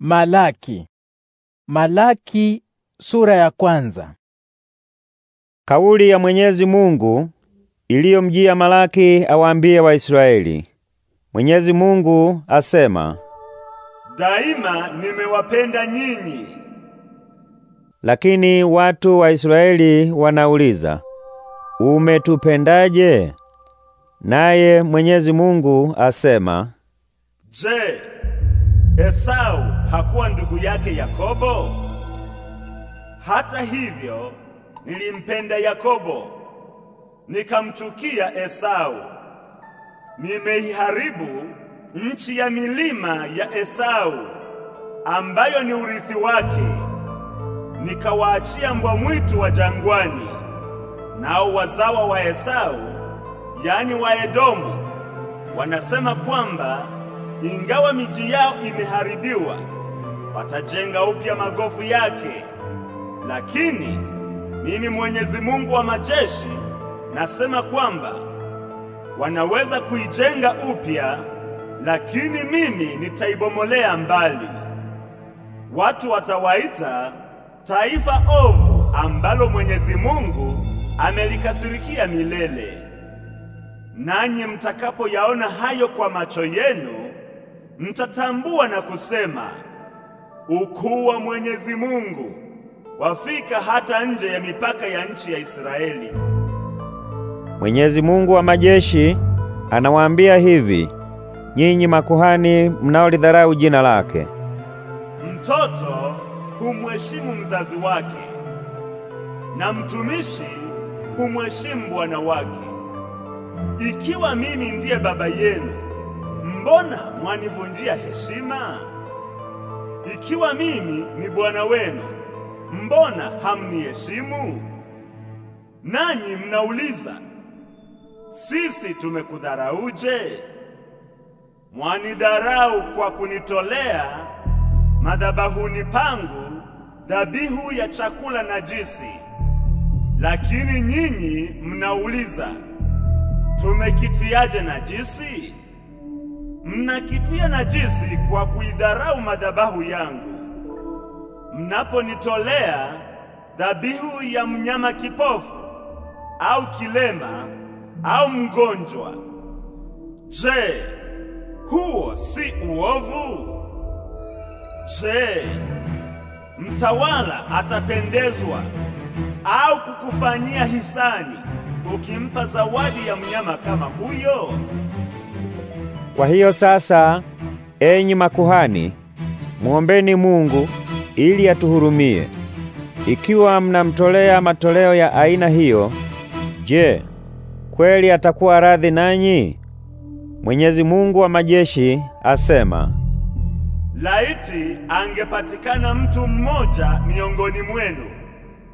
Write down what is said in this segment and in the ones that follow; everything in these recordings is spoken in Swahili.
Malaki. Malaki sura ya kwanza. Kauli ya Mwenyezi Mungu iliyomjia Malaki awaambie Waisraeli. Mwenyezi Mungu asema, Daima nimewapenda nyinyi. Lakini watu wa Israeli wanauliza, umetupendaje? Naye Mwenyezi Mungu asema, Je, Esau hakuwa ndugu yake Yakobo? Hata hivyo nilimpenda Yakobo nikamchukia Esau. Nimeiharibu nchi ya milima ya Esau ambayo ni urithi wake, nikawaachia mbwa mwitu wa jangwani. Nao wazawa wa Esau, yani wa Edomu, wanasema kwamba ingawa miji yao imeharibiwa, watajenga upya magofu yake. Lakini mimi Mwenyezi Mungu wa majeshi nasema kwamba wanaweza kuijenga upya, lakini mimi nitaibomolea mbali. Watu watawaita taifa ovu ambalo Mwenyezi Mungu amelikasirikia milele. Nanyi mtakapoyaona hayo kwa macho yenu mtatambua na kusema, ukuu wa Mwenyezi Mungu wafika hata nje ya mipaka ya nchi ya Israeli. Mwenyezi Mungu wa majeshi anawaambia hivi, nyinyi makuhani mnaolidharau jina lake. Mtoto humheshimu mzazi wake na mtumishi humheshimu bwana wake. Ikiwa mimi ndiye baba yenu mbona mwanivunjia heshima? Ikiwa mimi ni bwana wenu, mbona hamniheshimu? Nanyi mnauliza sisi tumekudharauje? Mwanidharau kwa kunitolea madhabahuni pangu dhabihu ya chakula najisi. Lakini nyinyi mnauliza tumekitiaje najisi? mnakitia najisi kwa kuidharau madhabahu yangu, mnaponitolea dhabihu ya mnyama kipofu au kilema au mgonjwa. Je, huo si uovu? Je, mtawala atapendezwa au kukufanyia hisani ukimpa zawadi ya mnyama kama huyo? Kwa hiyo sasa, enyi makuhani, muombeni Mungu ili atuhurumie. Ikiwa mnamtolea matoleo ya aina hiyo, je, kweli atakuwa radhi nanyi? Mwenyezi Mungu wa majeshi asema, laiti angepatikana mtu mmoja miongoni mwenu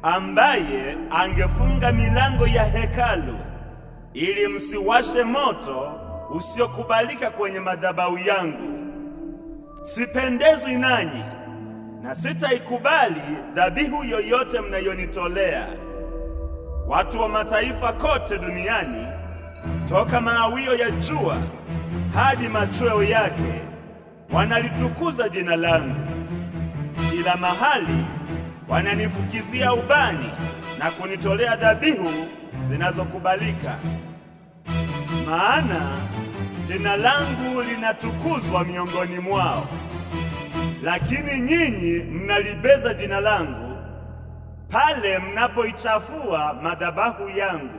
ambaye angefunga milango ya hekalu ili msiwashe moto usiokubalika kwenye madhabahu yangu. Sipendezwi nanyi na sitaikubali dhabihu yoyote mnayonitolea. Watu wa mataifa kote duniani, toka maawio ya jua hadi machweo yake, wanalitukuza jina langu. Kila mahali wananifukizia ubani na kunitolea dhabihu zinazokubalika, maana jina langu linatukuzwa miongoni mwao, lakini nyinyi mnalibeza jina langu pale mnapoichafua madhabahu yangu,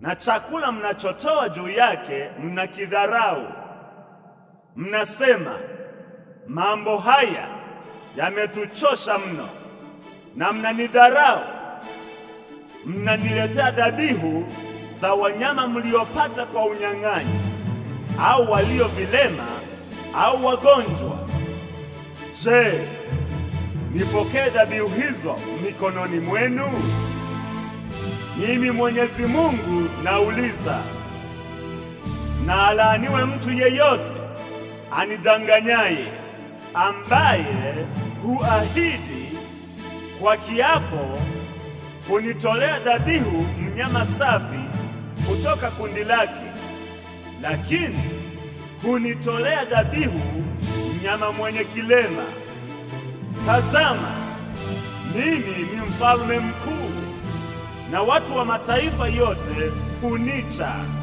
na chakula mnachotoa juu yake mnakidharau. Mnasema, mambo haya yametuchosha mno, na mnanidharau. Mnaniletea dhabihu za wanyama mliopata kwa unyang'anyi au walio vilema au wagonjwa. Je, nipokee dhabihu hizo mikononi mwenu? Mimi Mwenyezi Mungu nauliza. Na alaaniwe mtu yeyote anidanganyaye, ambaye huahidi kwa kiapo kunitolea dhabihu mnyama safi kutoka kundi lake lakini hunitolea dhabihu mnyama mwenye kilema. Tazama, mimi ni mfalme mkuu, na watu wa mataifa yote hunicha.